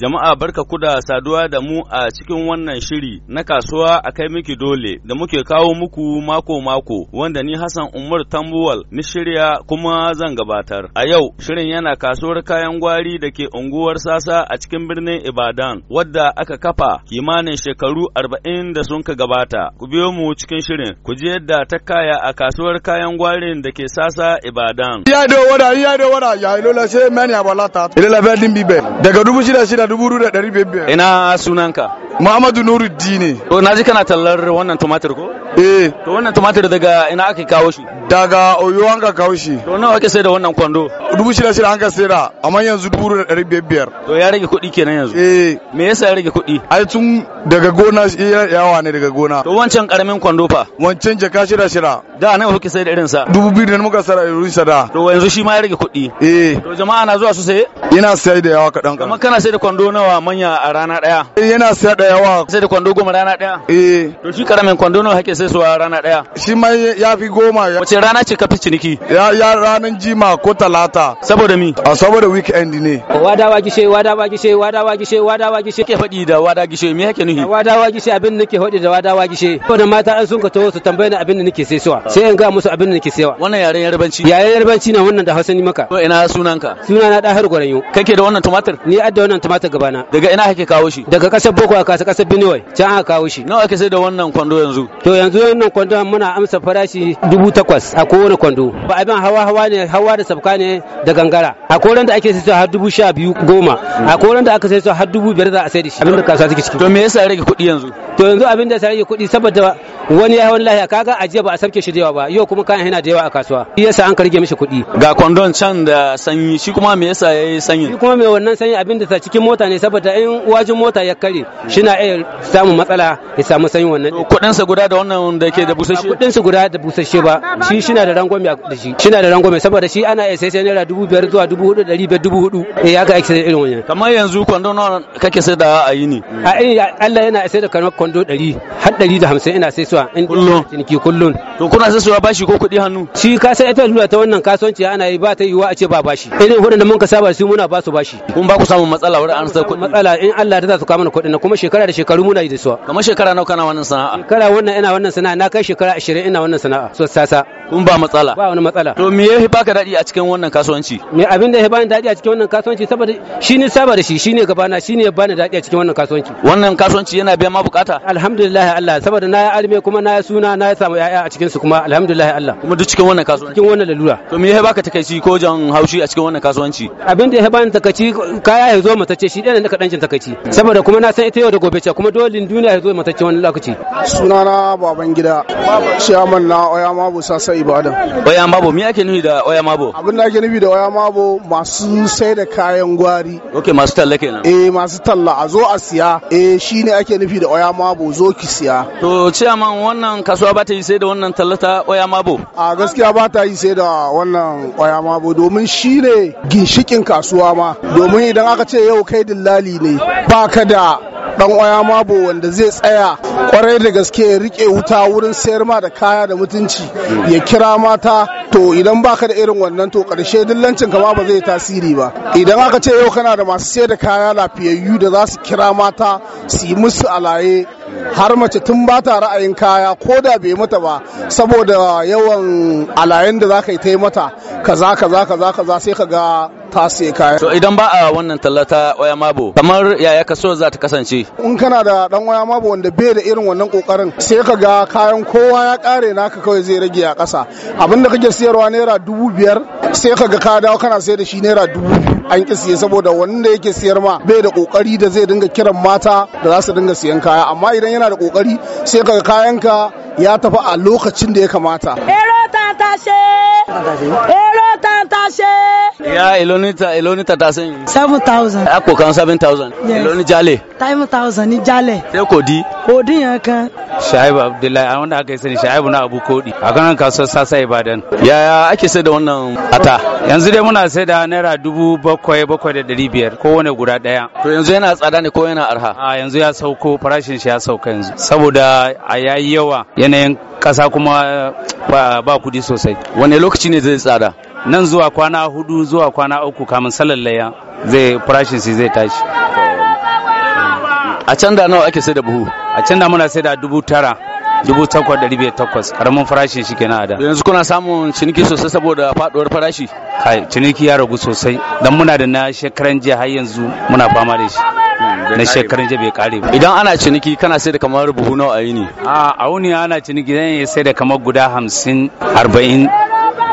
Jama'a barka kuda saduwa da mu a cikin wannan shiri na kasuwa a kai miki dole da muke kawo muku mako-mako wanda ni Hassan Umar Tambuwal ni shirya kuma zan gabatar. A yau shirin yana kasuwar kayan gwari da ke unguwar Sasa a cikin birnin Ibadan wadda aka kafa kimanin shekaru arba'in da sun ka gabata. Ku biyo mu cikin shirin ku je yadda ta kaya a kasuwar kayan gwarin da ke Sasa Ibadan. Ya do wada ya do wada ya ilola sai mani abalata ilola bi bɛ. daga dubu shida shida da dubu da ɗari ina sunanka Muhammadu Nuruddin Dine. To na ji kana tallar wannan tumatir ko? Eh. To wannan tumatir daga ina ake kawo shi? Daga Oyo an ka kawo shi. To nawa ake saida wannan kwando? Dubu shida shida an ka saida amma yanzu dubu da ɗari biyar biyar. To ya rage kuɗi kenan yanzu. Eh. Me yasa ya rage kuɗi? Ai tun daga gona yawa ne daga gona. To wancan karamin kwando fa? Wancan jaka shida shida. Da nawa kuke saida da irin sa? Dubu biyu da muka saida irin sa da. To yanzu shi ma ya rage kuɗi. Eh. To jama'a na zuwa su saye? Ina saida da yawa kaɗan. Amma kana saida kwando nawa manya a rana ɗaya? Eh, yana saida da yawa sai da kwando goma rana daya eh to shi karamin kwando nawa kake sai suwa rana daya shi mai ya fi goma wace rana ce ka fi ciniki ya ya ranan jima ko talata saboda mi a saboda weekend ne wada wa gishe wada wa gishe wada wa gishe wada wa gishe ke faɗi da wada gishe me yake nuhi wada wa gishe abin da nake faɗi da wada wa gishe saboda mata an sun ka taho su tambaye ni abin da nake sai suwa sai in ga musu abin da nake saiwa wannan yaren yarbanci yaren yarbanci na wannan da hausa ni maka to ina sunanka sunana da har gwaranyo kake da wannan tumatir ni adda wannan tumatir gabana daga ina kake kawo shi daga kasar boko aka kasa kasa Benue can aka kawo shi nawa ake sai da wannan kwando yanzu to yanzu wannan kwando muna amsa farashi dubu takwas a kowane kwando ba abin hawa hawa ne hawa da sabka ne da gangara a koren da ake sai har dubu sha biyu goma a koren da aka sai har dubu biyar za a sai da shi abin da kasuwa suke ciki to me yasa rage kuɗi yanzu to yanzu abin da ya rage kuɗi saboda wani ya wani lahiya kaga ajiya ba a sarke shi da yawa ba yau kuma kayan yana da yawa a kasuwa shi yasa an karge mishi kuɗi ga kwandon can da sanyi shi kuma me yasa yayi sanyi shi kuma me wannan sanyi abin da ta cikin mota ne saboda in wajin mota ya kare shi suna iya samun matsala ya samu sanyi wannan sa guda da wannan da ke da busasshe sa guda da busasshe ba shi shina da rangwame da shi shina da rangwame saboda shi ana iya sai sai naira dubu biyar zuwa dubu hudu ɗari biyar dubu hudu eh haka ake sai irin wannan kamar yanzu kwando nawa kake sai da a yini a in eh, Allah yana sai da kamar kwando ɗari har ɗari da hamsin ina sai suwa in ki ciniki kullum to kuna sai suwa bashi ko kuɗi hannu shi ka sai ita lura ta wannan kasuwanci ana yi ba ta yiwa a ce ba bashi irin hudun da mun ka saba su muna ba su bashi kun ba ku samun matsala wurin an sai kuɗi matsala in Allah ta za su kawo mana na kuma shi shekara da shekaru muna yi da suwa kamar shekara nawa kana wannan sana'a shekara wannan ina wannan sana'a na kai shekara 20 ina wannan sana'a so sasa kun ba matsala ba wani matsala to me yafi baka dadi a cikin wannan kasuwanci me abin da ya bani dadi a cikin wannan kasuwanci saboda shi ne saba da shi shi shine gabana shine ba bani dadi a cikin wannan kasuwanci wannan kasuwanci yana biya ma bukata alhamdulillah Allah saboda na ya alme kuma na ya suna na ya samu yaya a cikin su kuma alhamdulillah Allah kuma duk cikin wannan kasuwanci cikin wannan lalura to me yafi baka takaici ko jan haushi a cikin wannan kasuwanci abin da ya bani takaici kaya ya zo mata ce shi ɗaya ne ka dancin takaici saboda kuma na san ita yau da gobe ce kuma dole duniya ya zo matacce wani lokaci sunana baban gida ciyaman na oya mabo sasa ibadan oya mabo me ake nufi da oya mabo abin da ake nufi da oya mabo masu sai da kayan gwari ok masu talla kenan eh masu talla a zo a siya eh shine ake nufi da oya mabo zo ki siya to ciyaman wannan kasuwa ba ta yi sai da wannan ta oya mabo a gaskiya ba ta yi sai da wannan oya mabo domin shine ginshikin kasuwa ma domin idan aka ce yau kai dillali ne ba ka da dan oya mabo wanda zai tsaya kwarai da gaske ya rike wuta wurin sayar ma da kaya da mutunci ya kira mata to idan baka da irin wannan to karshe dillancin kama ba zai tasiri ba idan aka ce yau kana da masu sayar da kaya lafiyayyu da za su kira mata su yi musu alaye har mace tun ba ta ra'ayin kaya ko da bai mata ba saboda yawan alayen da za ka yi ta yi mata kaza kaza kaza kaza sai ka ga ta sai kaya. To idan ba a wannan talla waya mabo kamar yaya so za ta kasance? In kana da dan waya mabo wanda bai da irin wannan kokarin sai ka ga kayan kowa ya kare naka kawai zai rage a ƙasa. Abin da kake siyarwa naira dubu biyar sai ka ga ka dawo kana sayar da shi naira dubu an ki siye saboda wanda yake siyar ma bai da kokari da zai dinga kiran mata da za su dinga siyan kaya amma idan yana da kokari sai kaga kayanka ya tafi a lokacin da ya kamata. Ero ta tashe. Ero tashe. Ya ilonita ilonita ta sanyi. Seven thousand. ko kan seven thousand. Yes. Iloni jale. Time thousand ni jale. di. k'o di y'an kan. Shaibu Abdullahi an wanda aka yi sani Shaibu na Abu Kodi a ganin kasuwar Sasa Ibadan. Yaya ake sai da wannan ata? Yanzu dai muna sai da naira dubu bakwai bakwai da dari biyar kowane guda daya. To yanzu yana tsada ne ko yana arha? A yanzu ya sauko farashin shi ya sauka yanzu saboda a yayi yawa yanayin kasa kuma ba kudi sosai. Wane lokaci ne zai tsada? nan zuwa kwana hudu zuwa kwana uku kamun salallaya zai farashin shi zai tashi a can da nawa ake sai da buhu a can da muna sai da dubu tara dubu takwas da ribe takwas karamin farashin shi kenan a da yanzu kuna samun ciniki sosai saboda faduwar farashi kai ciniki ya ragu sosai dan muna da na shekaran jiya har yanzu muna fama da shi hmm, na shekaran jiya bai kare ba idan ana ciniki kana sai da kamar buhu nawa a yini a wuni ana ciniki zan iya sai da kamar guda hamsin arba'in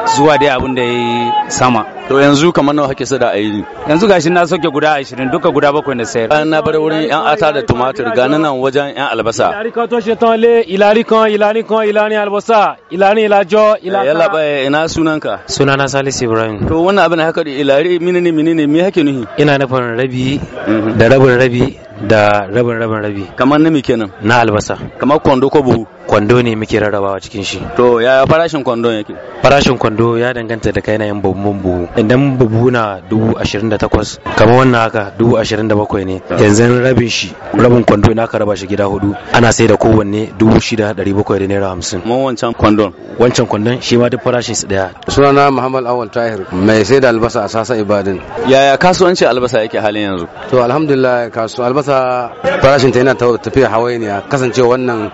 zuwa dai abin da ya sama to yanzu kamar nawa kake sada a yi yanzu gashi na soke guda ashirin duka guda bakwai na sayar bayan na bar wurin yan ata da tumatur gani nan wajen yan albasa ilari kan toshe tole ilari kan ilari kan ilari albasa ilari ilajo ilaka eh, yalla bai ina sunanka na Salisu Ibrahim to wannan abin haka ilari minene minene me hake nuhi ina nufin rabi mhm. da rabin rabi da rabin rabin rabi kamar na kenan na albasa kamar kwando ko buhu kwando ne muke rarrabawa cikin shi to ya farashin kwando yake farashin kwando ya danganta da yin babban buhu idan buhu na dubu ashirin da takwas kamar wannan haka dubu ashirin da bakwai ne yanzu rabin shi rabin kwando na ka raba shi gida hudu ana sai da kowanne dubu shida dari bakwai da naira hamsin Mun wancan kwando. wancan kwandon shi ma duk farashin su daya sunana muhammad awal tahir mai sai da albasa a sasa ibadan yaya kasuwanci albasa yake halin yanzu to alhamdulillah kasuwa albasa farashin ta yana tafiya hawainiya kasancewa wannan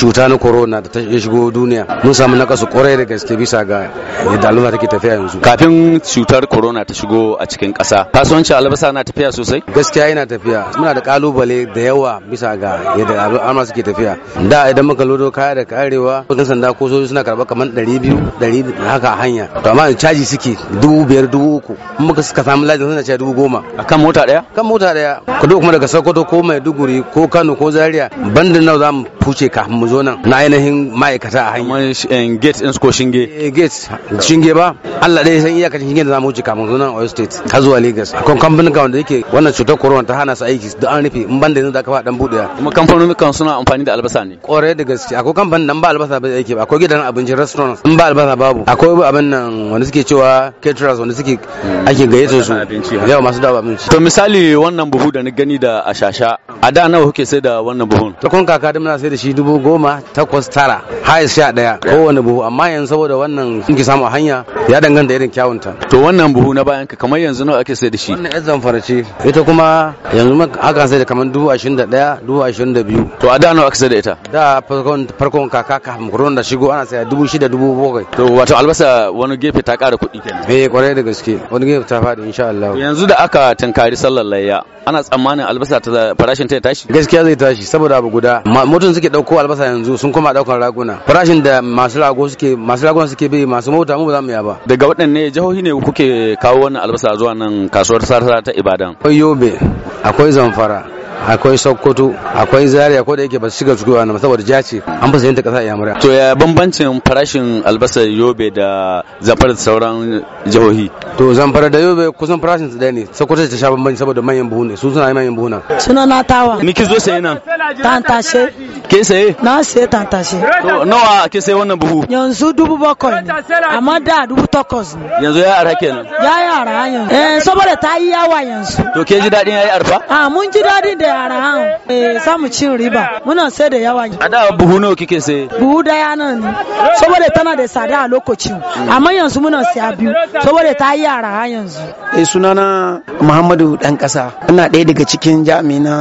cuta na corona da ta shigo duniya mun samu na kasu kwarai da gaske bisa ga yadda al'umma take tafiya yanzu kafin cutar corona ta shigo a cikin kasa kasuwancin albasa na tafiya sosai gaskiya yana tafiya muna da kalubale da yawa bisa ga yadda al'umma suke tafiya da idan muka lodo kaya da karewa kudin sanda ko sojoji suna karɓar kamar ɗari biyu ɗari haka hanya to amma caji suke dubu biyar dubu uku in muka suka samu lajin suna cewa dubu goma akan mota ɗaya kan mota ɗaya ka kuma daga sokoto ko maiduguri ko kano ko zaria bandin nawa za mu fuce kafin mu zo nan na ainihin ma'aikata a hanyar eh, gate in ko shinge eh, gate shinge ba Allah dai san iyakacin shinge da zamu wuce kamun zuwa oil State har zuwa Lagos akwai kamfanin kan da yake wannan cutar corona ta hana su aiki da an rufe in ban da yanzu da aka dan bude kuma kamfanin kan suna amfani da albasa ne kwarai da gaske akwai kamfanin nan ba albasa ba yake ba akwai gidan abincin restaurant in ba albasa babu akwai abin nan wanda suke cewa caterers wanda suke ake gayyatar su yawa masu dawa abinci to misali wannan buhu da ni gani da ashasha a da nawa kuke sai da wannan buhun ta kun kaka da muna sai da shi dubu goma takwas tara har sha ɗaya kowane buhu amma yanzu saboda wannan in ki samu a hanya ya danganta irin kyawunta to wannan buhu na bayan ka kamar yanzu nawa ake sai da shi wannan yan farace ita kuma yanzu aka sai da kamar dubu ashirin da ɗaya dubu ashirin da biyu to a da nawa aka sai da ita da farkon farkon kaka ka korona da shigo ana sai dubu shida dubu bakwai to wato albasa wani gefe ta kara kuɗi kenan eh kwarai da gaske wani gefe ta faɗi insha Allah yanzu da aka tunkari sallar layya ana tsammanin albasa ta farashin ta tashi gaskiya zai tashi saboda abu guda mutum suke ɗauko albasa yanzu sun koma daukan raguna farashin da masu rago suke masu raguna suke bi masu mota mu ba za mu ya ba daga waɗanne jihohi ne kuke kawo wannan albasa zuwa nan kasuwar sarsa ta Ibadan akwai Yobe akwai Zamfara akwai sokoto akwai zaria ko da yake ba su shiga cikin wannan saboda ja ce an fasa sayanta kasa yamura to ya bambancin farashin albasa yobe da zamfara da sauran jihohi to zamfara da yobe kusan farashin su ɗaya ne sokoto ta sha bambanci saboda manyan buhu ne su suna manyan buhu nan suna na tawa ni ki zo saye nan tantashe ke saye na saye tantashe to nawa ke saye wannan buhu yanzu dubu bakwai ne amma da dubu takwas ne yanzu ya ara kenan ya yara yanzu eh saboda ta yi yawa yanzu to ke ji dadin yayi arfa a ah, mun ji dadin da yara eh samu cin riba muna sai da yawa a da buhu nawa kike sai buhu daya nan saboda tana da sada a lokacin amma yanzu muna siya biyu saboda ta yi yara yanzu eh sunana Muhammadu dan kasa ina ɗaya daga cikin jami'in na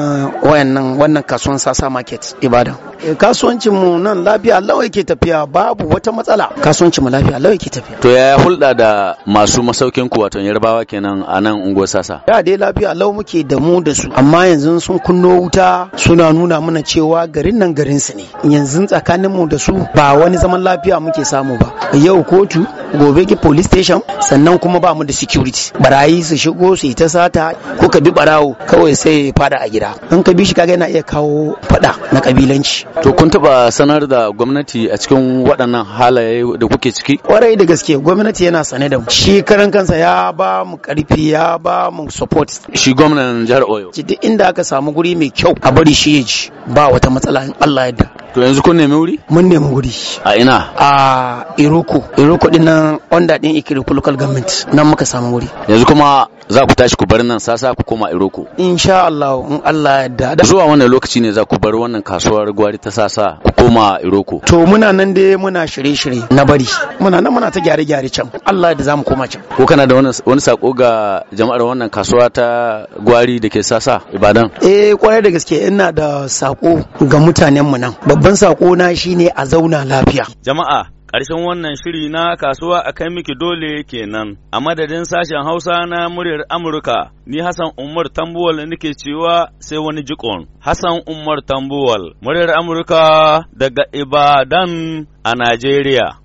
wayannan wannan kasuwan sasa market Ibadan Eh, kasuwancin mu nan lafiya lawa yake tafiya babu wata matsala kasuwancin mu lafiya lawa yake tafiya to yaya hulɗa da masu masaukin ku wato yarbawa kenan a nan unguwar sasa da dai lafiya lawa muke da mu da su amma yanzu sun kunno wuta suna nuna mana cewa garin nan garin su ne yanzu tsakanin mu da su ba wani zaman lafiya muke samu ba yau kotu gobe ki police station sannan kuma ba mu da security barayi su shigo su yi ta sata ko ka bi barawo kawai sai fada a gida in ka bi shi kaga yana iya kawo fada na kabilanci to kun taba sanar da gwamnati a cikin waɗannan halaye da kuke ciki kwarai da gaske gwamnati yana sane da mu shi karan kansa ya ba mu karfi ya ba mu support shi gwamnan jihar Oyo duk inda aka samu guri mai kyau a bari shi ya ji ba wata matsala in Allah yadda To yanzu kun nemi wuri? Mun nemi wuri. A ina? A Iroko. Iroko din nan onda din Ikiriko local government. Nan muka samu wuri. Yanzu kuma za ku tashi ku bar nan sasa ku koma Iroko. Insha Allah in Allah ya da. Zuwa wannan lokaci ne za ku bar wannan kasuwar gwari ta sasa ku koma Iroko. To muna nan dai muna shirye-shirye na bari. Muna nan muna ta gyare-gyare can. Allah da za mu koma can. Ko kana da wani sako ga jama'ar wannan kasuwa ta gwari da ke sasa Ibadan? Eh kwarai da gaske ina da sako ga mu nan. Babban babban sako na shine a zauna lafiya jama'a ƙarshen wannan shiri na kasuwa a kai miki dole kenan a madadin sashen hausa na muryar amurka ni hassan umar tambuwal nake cewa sai wani jikon hassan umar tambuwal muryar amurka daga ibadan a najeriya